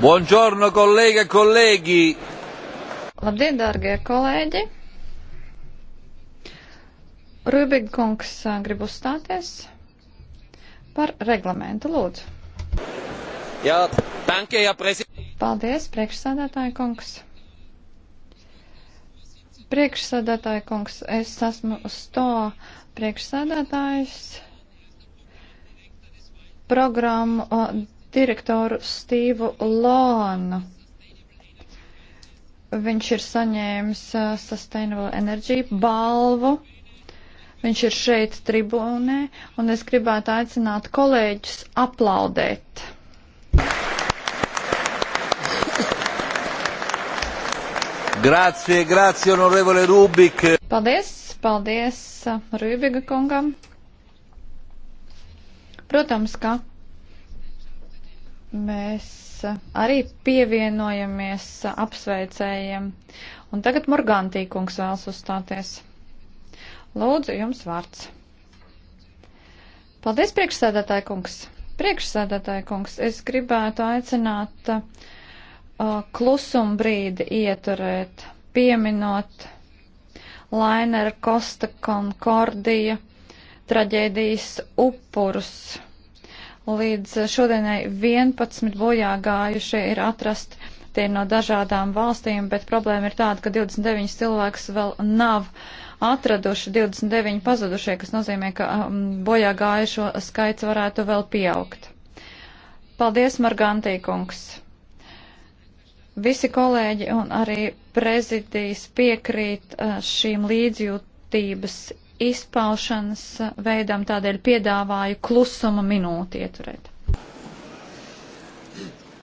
Buongiorno, kolēģi, e kolēģi! Labdien, dārgie kolēģi! Rubik kungs grib uzstāties par reglamentu, lūdzu. Jā, tankie, jā, prezidents. Paldies, priekšsādātāja kungs. Priekšsādātāja kungs, es esmu uz to priekšsādātājs programmu direktoru Stīvu Lānu. Viņš ir saņēmis uh, Sustainable Energy balvu. Viņš ir šeit tribūnē, un es gribētu aicināt kolēģus aplaudēt. Grācie, grācie, honorevole Rubik. Paldies, paldies Rubiga kungam. Protams, ka Mēs arī pievienojamies apsveicējiem. Un tagad Morgantīkungs vēlas uzstāties. Lūdzu, jums vārds. Paldies, priekšsēdētāji kungs. Priekšsēdētāji kungs, es gribētu aicināt uh, klusum brīdi ieturēt, pieminot Lainera Kosta Konkordija traģēdijas upurus. Līdz eh, šodienai 11 bojā gājušie ir atrasti. Tie ir no dažādām valstīm, bet problēma ir tāda, ka 29 cilvēks vēl nav atraduši, 29 pazudušie, kas nozīmē, ka um, bojā gājušo skaits varētu vēl pieaugt. Paldies, Margantīkungs! Visi kolēģi un arī prezidijas piekrīt eh, šīm līdzjūt vienotības izpaušanas veidam, tādēļ piedāvāju klusuma minūti ieturēt.